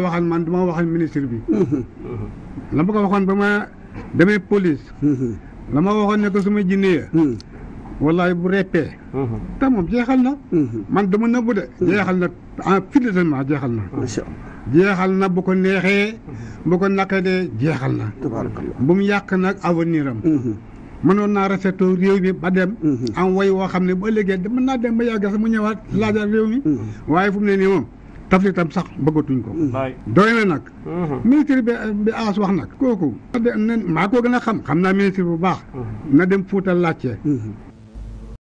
wax man du ma wax ak ministre bi mhm. la ma ko waxoon ba ma demee police mhm. la ma waxoon ne ko su ma jinnee mhm. wallaay bu reppee te moom jeexal na man dama nëbbu de jeexal na en finalement jeexal na jeexal na bu ko neexee bu ko naqadee jeexal na bu mu yàq nag avenir am mënoon naa rafetlu réew mi ba dem am way woo xam ne ba léegi mën naa dem ba yàgg sax mu ñëwaat réew mi waaye fu ne nii moom tafsir tam sax bëggatuñ ko. doy na nag. ministre bi aas wax nag. kooku. maa ko gën xam. xam naa ministre bu baax. na dem Fuuta laajte.